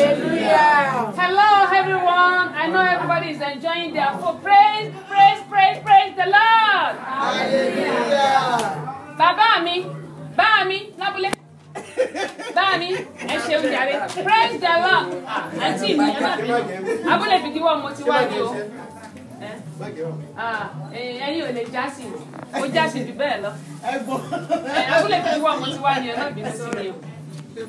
Hallelujah. Hello, everyone. I know everybody is enjoying their food. Praise, praise, praise, praise the Lord. Hallelujah. Bàbá mi, bá mi, lábúlé. Bá mi, ẹ ṣeun jàre. Praise the Lord. Àǹtí mi, ẹ má bínú. Abúlé fìdíwọ́ mo ti wá ní o. Ẹyin ò lè O mo jásì jù bẹ́ẹ̀ lọ. Abúlé fìdíwọ́ mo ti wá ní ẹ náà bínú sí mi o. I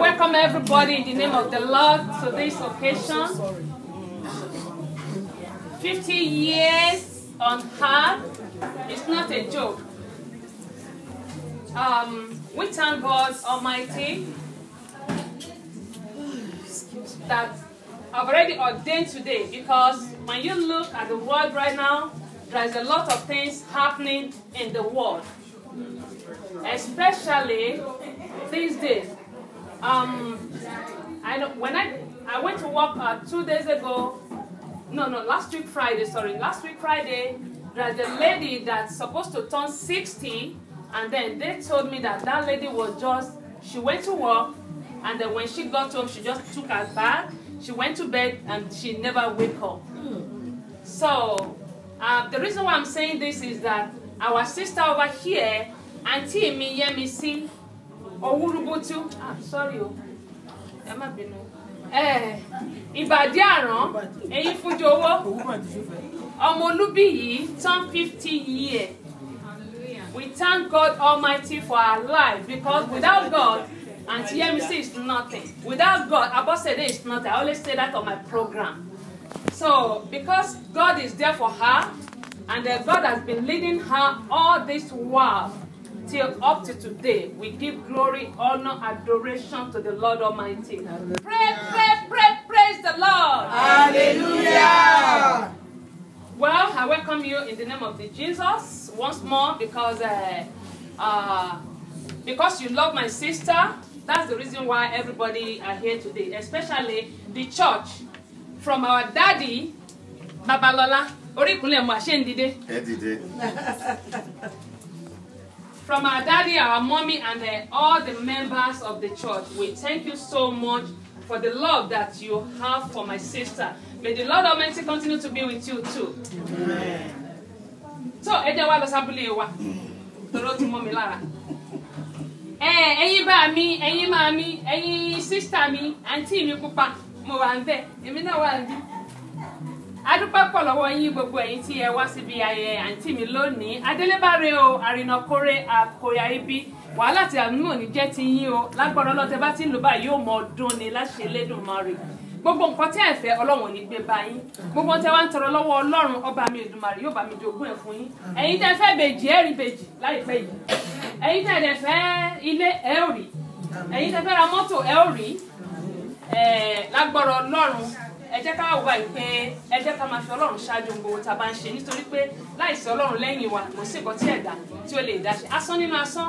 welcome everybody in the name of the Lord to this occasion. Fifty years on earth its not a joke. Um, we thank God Almighty that I've already ordained today because when you look at the world right now, there's a lot of things happening in the world, especially these days. Um, I know when I I went to work uh, two days ago. No, no, last week Friday. Sorry, last week Friday. There's a lady that's supposed to turn 60, and then they told me that that lady was just she went to work, and then when she got home, she just took her bag she went to bed and she never wake up. So uh, the reason why I'm saying this is that our sister over here, Auntie Miyemisi Owurubutu, ah, sorry, Emma Bino, eh, and Àrán, Ẹ̀yin Fújowó, Ọmọlúbíyìí, turn 50 year. We thank God Almighty for our life because without God, and TMC is nothing. Without God, I've Abosede it's nothing. I always say that on my program. So, because God is there for her, and God has been leading her all this while till up to today, we give glory, honor, adoration to the Lord Almighty. Pray, pray, pray, praise the Lord. Hallelujah. Well, I welcome you in the name of the Jesus once more because uh, uh, because you love my sister That's the reason why everybody are here today, especially the church from our daddy, Babalola. Orikunle mo ase ndide. From our daddy, our mommy, and uh, all the members of the church, we thank you so much for the love that you have for my sister. May the Lord Almighty continue to be with you too. Amen. So, ẹ jẹ́ wá lọ sábúlé wa. Mm. Tọ́lọ́ ti mọ́ mi lára ẹ̀yin bá mi ẹ̀yin máa mi ẹ̀yin sísítà mi àǹtí mi pupa mo wà ń bẹ èmi náà wà ń bí adúpẹ́ pọ̀ lọ́wọ́ yín gbogbo ẹ̀yin tí ẹ wá síbi ayẹyẹ àǹtí mi lónìí adélébáre o àrìnàkórè àkòyà ibi wàhálà tí àmì òní jẹ́ ti yín o lágbọ́dọ̀ lọ́tẹ bá ti ń lò báyìí yóò mọ ọdún ni láṣẹ lẹ́dùn mọ́rin gbogbo nǹkan tí ẹ fẹ́ ọlọ́run ní gbé bá yín gbogbo tẹ wá ń tọrọ lọ́wọ́ ọlọ́run ọba mi Èdùmàrè yóò bá mi jogún ẹ̀ fún yín ẹ̀yin tẹ fẹ́ bèjì ẹ̀ rí bèjì láìpẹ́ yìí ẹ̀yin tẹ dẹ̀ fẹ́ ilé ẹ̀ ò rí ẹ̀yin tẹ fẹ́ ra mọ́tò ẹ̀ ò rí lágbọ́rọ̀ ọlọ́run ẹ jẹ́ ká wà pé ẹ jẹ́ ká máa fi ọlọ́run ṣáájú gbogbo tá a bá ń ṣe nítorí pé láìsí ọlọ́run lẹ́yìn wa kò sí nǹkan tí ẹ̀dá tí ó lè dá ṣe asán nínú asán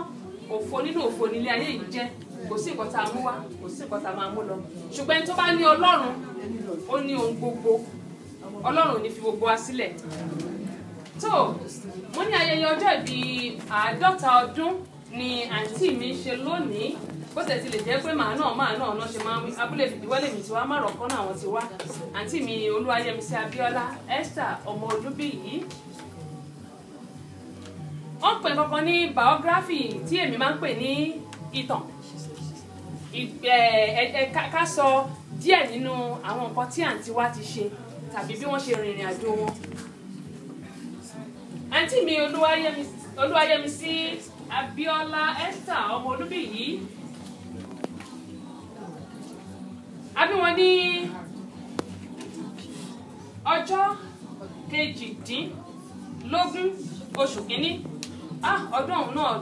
òfo nínú òfo nílé ayé yìí jẹ́ kò sí nǹkan tá a mú wá kò sí nǹkan tá a máa mú lọ ṣùgbọ́n ẹni tó bá ní ọlọ́run ó ní ohun gbogbo ọlọ́run ò ní fi gbogbo wa sílẹ̀ tó mo ní ayẹyẹ ọjọ́ ìbí àádọ́ta ọdún ni àǹtí mi ń ṣe lónìí bó tẹ̀ ti lè jẹ́ pé màá náà màá náà náà ṣe máa ń wí abúlé fìdíwọ́lé mi ti wá márùn ọ̀kan náà àwọn ti wá àǹtí mi olúwayẹmísí abíọ́lá esther ọmọ olúbíyí wọ́n pè kankan ní biography tí èmi máa ń pè ní ìtàn ká sọ díẹ̀ nínú àwọn nǹkan tí àǹtí wa ti ṣe tàbí bí wọ́n ṣe rìnrìn àjò wọn. àǹtí mi olúwayẹmísí abíọ́lá esther ọmọ olúbìyí a bí wọn ní ọjọ́ kejìdínlógún oṣù kínní ah, ọdún ọ̀hún náà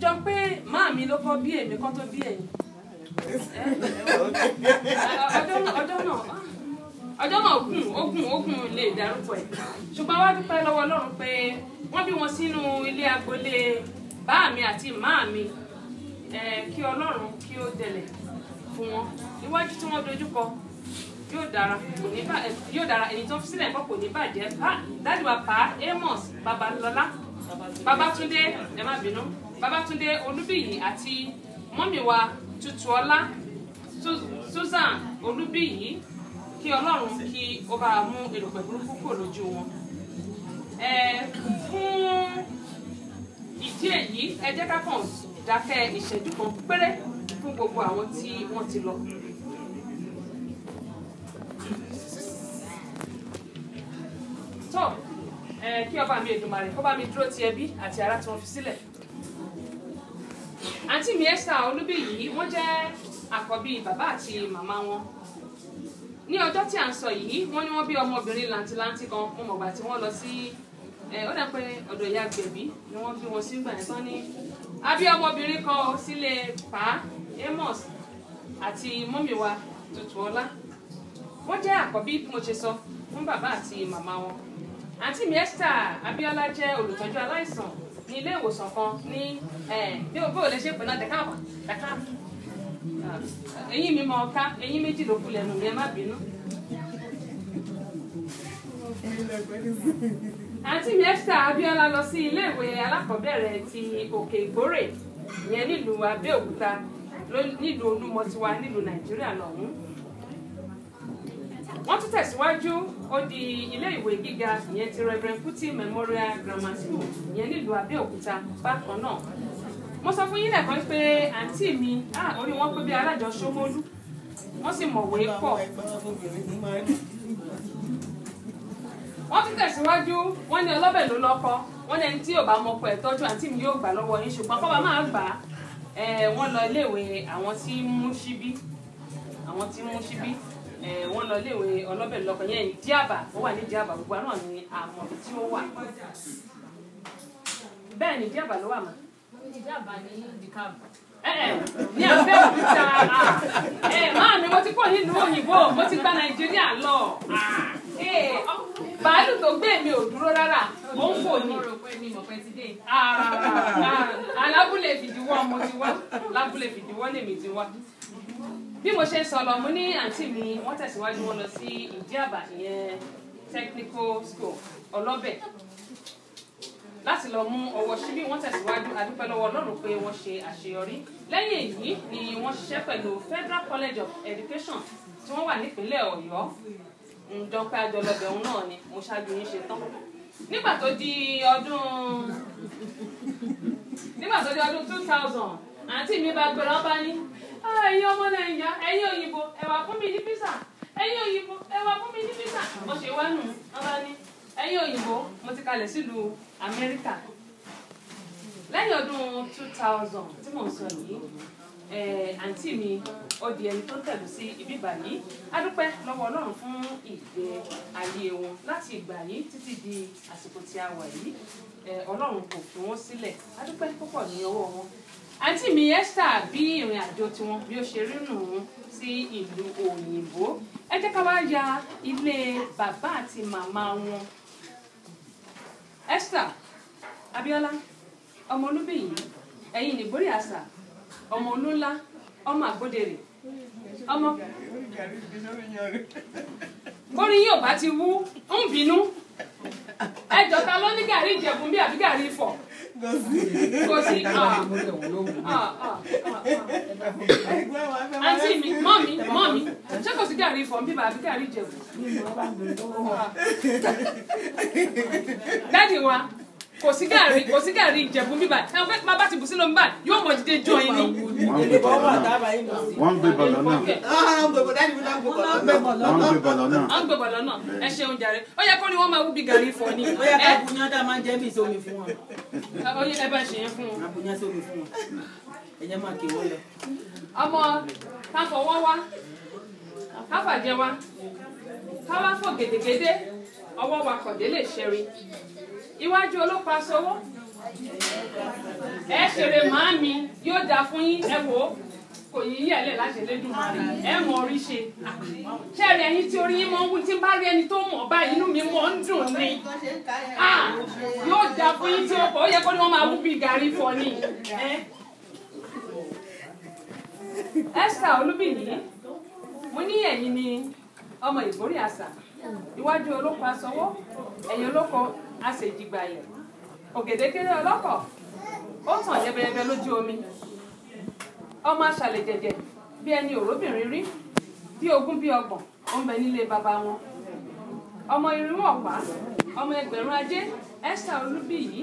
jọ pé máàmi ló kọ́ bí èmi kan tó bí ẹ̀yìn ọjọ́ náà gùn ogun ogun lè dárúkọ ẹ̀ ṣùgbọ́n wá dúpẹ́ lọ́wọ́ Ọlọ́run pé wọ́n bí wọn sínú ilé agboolé báà mi àti màá mi kí Ọlọ́run kí ó dẹlẹ̀ fún wọn iwájú tí wọ́n dojúkọ yóò dára kò ní bà yóò dára ẹni tó fi sílẹ̀ kọ́ kò ní bàjẹ́ dájú bàbá Amos Babalọlá Babatunde ẹ má bínú Babatunde Olúbíyì àti mọ́mì wa tutuola susan olúbíyí kí ọlọ́run kí ó bá mú èròpẹ̀ burúkú kò lójú wọn. fún ìdí èyí ẹ jẹ́ ká kàn dákẹ́ ìṣẹ́jú kan péré fún gbogbo àwọn tí wọ́n ti lọ. tó kí ọba mi Èdùmàrè kó bá mi dúró ti ẹbí àti ará tí wọ́n fi sílẹ̀ àǹtí mi Esther Olúbíyì wọ́n jẹ́ àkọ́bí bàbá àti màmá wọn ní ọjọ́ tí à ń sọ yìí wọ́n ní wọ́n bí ọmọbìnrin làǹtìlanti kan wọn mọ̀gbà tí wọ́n lọ sí ó dà pé ọ̀dọ̀ ìyá gbẹ̀bí ni wọ́n bí wọn sí gbà yẹn ní abí ọmọbìnrin kan sílé pa Amos àti mọ́mìwá Tutuola wọ́n jẹ́ àkọ́bí bí mo ṣe sọ fún bàbá àti màmá wọn àǹtí mi Esther Abíọ́lá jẹ́ olùtọ́jú aláìsàn ní ilé ìwòsàn kan ní bí o bí o lè ṣe pè náà dẹ̀ka àbọ̀ dẹ̀ka àbọ̀ ah, eyín mi mọ ọ̀ka eyín méjì ló kú lẹ́nu mi ẹ má bínú. àǹtí mi Esther Abíọ́lá lọ sí iléèwé alákọ̀ọ́bẹ̀rẹ̀ ti Òkè Ìgbórè ìyẹn nílùú Abẹ́òkúta nílùú Olúmọ tiwa nílùú Nàìjíríà lọ́hùn-ún wọ́n tún tẹ̀síwájú ó di ilé ìwé gíga ìyẹn ti Reverend Kuti Memorial Grammar School ìyẹn nílùú Abẹ́òkúta bákan náà mo sọ fún yín lẹ́ẹ̀kan pé àǹtí mi orí wọn pé bí alájọ Ṣómólú sì mọ̀wé pọ̀ wọ́n tún tẹ̀síwájú wọ́n ní ọlọ́bẹ̀ ló lọ́kọ wọ́n ní ẹni tí yóò bá ọmọ ọkọ ẹ̀ tọ́jú àǹtí mi yóò gbà lọ́wọ́ yín ṣùgbọ́n kọ́ba máa gbà á wọ́n lọ iléèwé àwọn tí ń mú síbí àwọn tí ń mú síbí wọ́n lọ léwe ọlọ́bẹ̀ lọ́kọ̀ yẹn Díàbà ó wà ní Díàbà gbogbo àná ni àmọ́ tí ó wà bẹ́ẹ̀ ni Díàbà ló wà mọ́. Díàbà ní dìkàbù ní abẹ́òkúta máa mi mo ti pọ̀ nílùú òyìnbó mo ti gba nàìjíríà lọ bàálù tó gbé mi ò dúró rárá mo ń fò ní. alábùlé fìdíwọ́ mo ti wá lábùlé fìdíwọ́ lèmi ti wá bí mo ṣe ń sọ lọ mo ní àǹtí mi wọ́n tẹ̀síwájú wọn lọ sí ìdíàbà ìyẹn technical school ọlọ́bẹ̀ láti lọ mú ọwọ́ síbí wọ́n tẹ̀síwájú adúpẹ́ lọ́wọ́ Ọlọ́run pé wọ́n ṣe àṣeyọrí lẹ́yìn èyí ni wọ́n ṣiṣẹ́ pẹ̀lú Federal College of Education tí wọ́n wà nípínlẹ̀ Ọ̀yọ́ ǹdọ́pẹ́ àjọlọ́bẹ̀ òun náà ni mo ṣáájú yín ṣe tán nígbà tó di ọdún nígbà tó di ọdún two thousand àǹtí mi bá gbéra bá ní ẹ̀yin ọmọ nàìjíríà ẹ̀yin òyìnbó ẹ̀wà fún mi ní písà ẹ̀yin òyìnbó ẹ̀wà fún mi ní písà mo ṣe wá nù ọba ní ẹ̀yin òyìnbó mo ti kalẹ̀ sílùú amẹ́ríkà lẹ́yìn ọdún two thousand tí mò ń sọ yìí àǹtí mi ó di ẹni tó tẹ̀lú sí ibi báyìí adúpẹ́ lọ́wọ́ ọlọ́run fún ìgbé ayé wọn láti ìgbà yìí títí di àsìkò tí a wà yìí ọlọ́run kò fi wọ́n sílẹ̀ adúpẹ́ púpọ̀ ní ọwọ́ wọn àǹtí mi Esther bí ìrìn àjò tiwọn bí ó ṣe rí nù ún sí ìlú òyìnbó ẹ jẹ́ ká wá ya ilé bàbá àti màmá wọn Esther Abíọ́lá ọmọ olúbìyí ẹ̀yin nìgbórí àṣà ọmọ olóńlá ọmọ àgbódèrè ọmọ. orin yóò bá ti wú ń bínú ẹ jọ̀ta ló ní gàrí ìjẹ̀bùn bí àbí gàrí ifọ̀ gosi ah, ah, ah, àǹtí mi mọ́mí mọ́mí ṣé kò sí gàrí ifọ̀ bíbá àbí gàrí ìjẹ̀bùn dáàdì wa kò sí gàrí kò sí gàrí ìjẹ̀bú bíbà ẹ fẹ́ máa bá ti bù sínú bíbà yóò mọ̀ jíde jọ yín ni. wọ́n ń gbé bọ̀lọ́ náà. wọ́n ń gbé bọ̀lọ́ náà. wọ́n ń gbé bọ̀lọ́ náà. wọ́n ń gbé bọ̀lọ́ náà ẹ ṣeun jàre ó yẹ kó ni wọ́n máa wú bí gàrí fọ ni. ó yẹ ká àbúyán dá máa ń jẹ́ mi sómi fún wọn. ẹ bá ṣe yẹn fún wọn. àbúyán sómi fún wọn ẹ̀yẹ máa kì wọ́n lọ. ọmọ káfọwọ́ wá káfàjẹ wá káwá fọ gèdègèdè ọwọ́ wa kọ̀dé lè ṣẹrin iwájú ọlọ́pàá sọwọ́ ẹ ṣeré mi, yóò dáa fún yín ẹ wò ó kò yí yẹ̀ lẹ̀ láti ẹlẹ́dùn máa rí ẹ mọ orí ṣe ṣẹ́ẹ̀rì ẹ̀yin tí orí yín mọ́ ń wú tí bá rí ẹni tó mọ̀ bá inú mi mọ́ ń dùn ni yóò dáa fún yín tí ó pọ̀ ó yẹ kó ní wọ́n máa wú gàrí fọ ni. Esther Olúbìní mo ní ẹ̀yin ni ọmọ ìgbórí àṣà iwájú olóko aṣọwọ́ ẹ̀yin olóko a àṣejìgbayẹ̀ ògèdèkéré ọlọ́kọ̀ ó tàn yẹbẹyẹbẹ lójú omi ọmọ aṣàlẹ̀ jẹ̀jẹ̀ bí ẹni òróbìnrin rí bí ogún bí ọgbọ̀n ó ń bẹ nílé bàbá wọn ọmọ irínwó ọ̀pá ọmọ ẹgbẹ̀rún ajé Esther Olúbíyí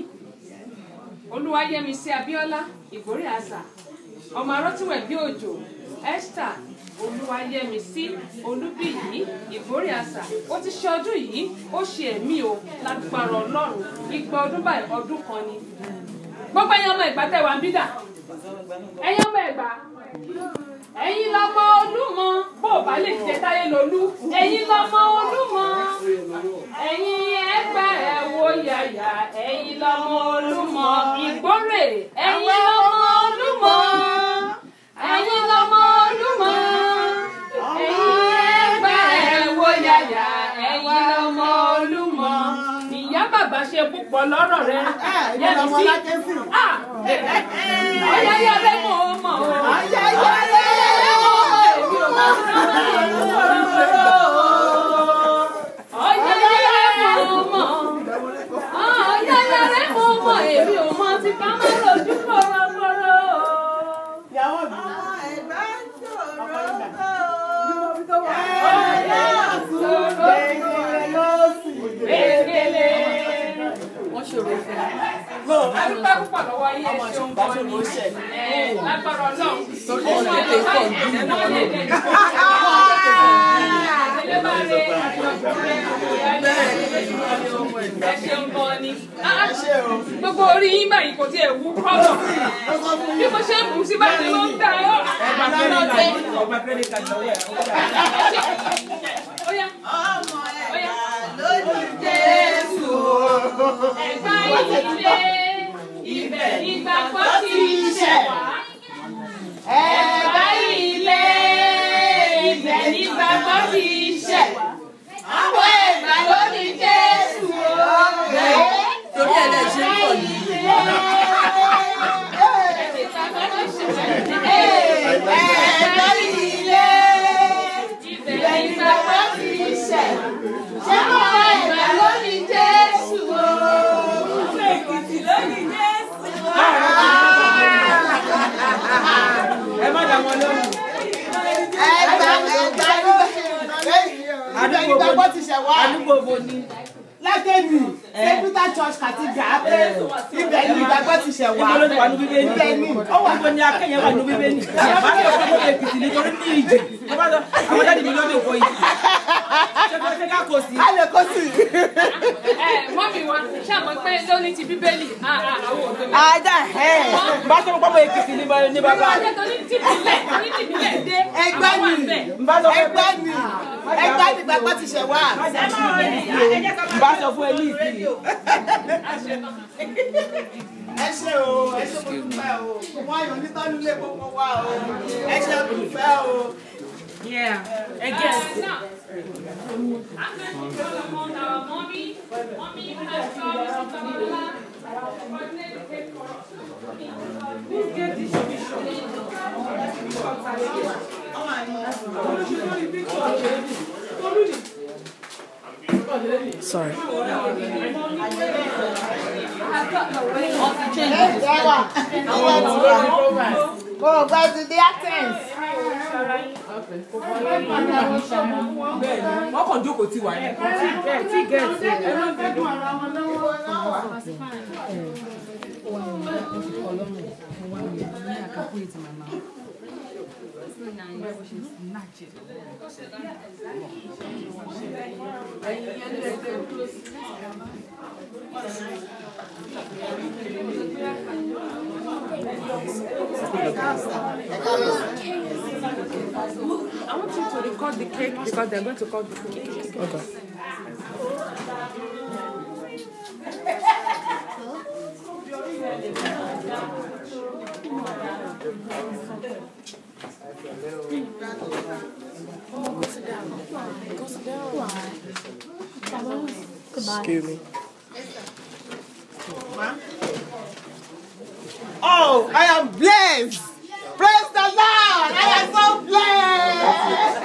Olúwayẹmísí Abíọ́lá Ìgbórè àṣà ọmọ arọ́tìwẹ̀ bí òjò Esther olúwayẹmísí olúbíyí ìbórè àṣà ó ti ṣe ọdún yìí ó ṣe ẹ̀mí o lágbára ọlọ́run igba ọdún báyìí ọdún kan ni gbogbo ẹ̀yin ọmọ ẹ̀gbá tẹ̀wá ń bídà ẹ̀yin ọmọ ẹ̀gbá ẹ̀yin lọmọ olúmọ bó o bá lè jẹ táyé lolú ẹ̀yin lọmọ olúmọ ẹ̀yin ẹgbẹ́ ẹ̀wò yàyà ẹ̀yin lọmọ olúmọ ìgbórè ẹ̀yin. lọ́rọ̀ rẹ. Ẹ ẹ ọmọ lájẹ sí. Ọyá yá lé mò ó mọ̀ o. Ọyá yá lé mò ó mọ̀ o. àdúgbò púpọ̀ lọ́wọ́ gbogbo orí yín báyìí kò tiẹ̀ wú kọ́lọ̀ bí mo ṣe ń bù sí báyìí ló ń dá ọ́ àná tẹ́. lójú Jésù ẹ̀ka ìdílé ibẹ̀ nígbàgbọ́ ti ṣẹ̀ wá. ẹ̀bá ilé ibẹ̀ nígbàgbọ́ ti ṣẹ̀ wá. àwọn ìgbàgbọ́. àdúgbò wo ni àdúgbò wo ni látẹ̀mí sẹ́pítà church cathedral pé ibẹ̀ ni ìgbàgbọ́ ti ṣẹ̀ wá ibẹ̀ ni ó wà níbo ni akẹ́yẹ̀ wà níbi bẹ́ẹ̀ ni bá yọ fún mi èkìtì nítorí ní ìjì àwọn jáde mi lóde òkò ìjì ṣe ká kò sí. a lè kó sí. ẹ mọ́mí wa ṣàmọ́ pé lóní ti bíbélì àwọn òbí mi. ajá ẹ bá sọ pé èkìtì ní bàbá. ìwé ọjọ́ tó ní tìbílẹ̀ tó ní tìbílẹ̀ dé. ẹgbẹ́ mi ẹgbẹ́ mi ìgbà kan ti ṣẹ̀ wá. n bá sọ fún ẹ ní ẹ ṣe o ẹ ṣe mo dúpẹ́ o wọ́n ayọ̀ nítọ́jú lé gbogbo wa o ẹ ṣe mo dúpẹ́ o. Yeah, I guess. Mommy, you Sorry. Oh, go to the accents. wọ́n I want you to record the cake because they're going to cut the cake. Okay. Excuse me. Oh, I am blessed. Praise the Lord. I am so blessed.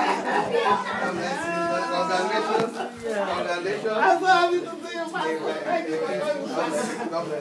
Congratulations. I'm so happy to see you. Thank you.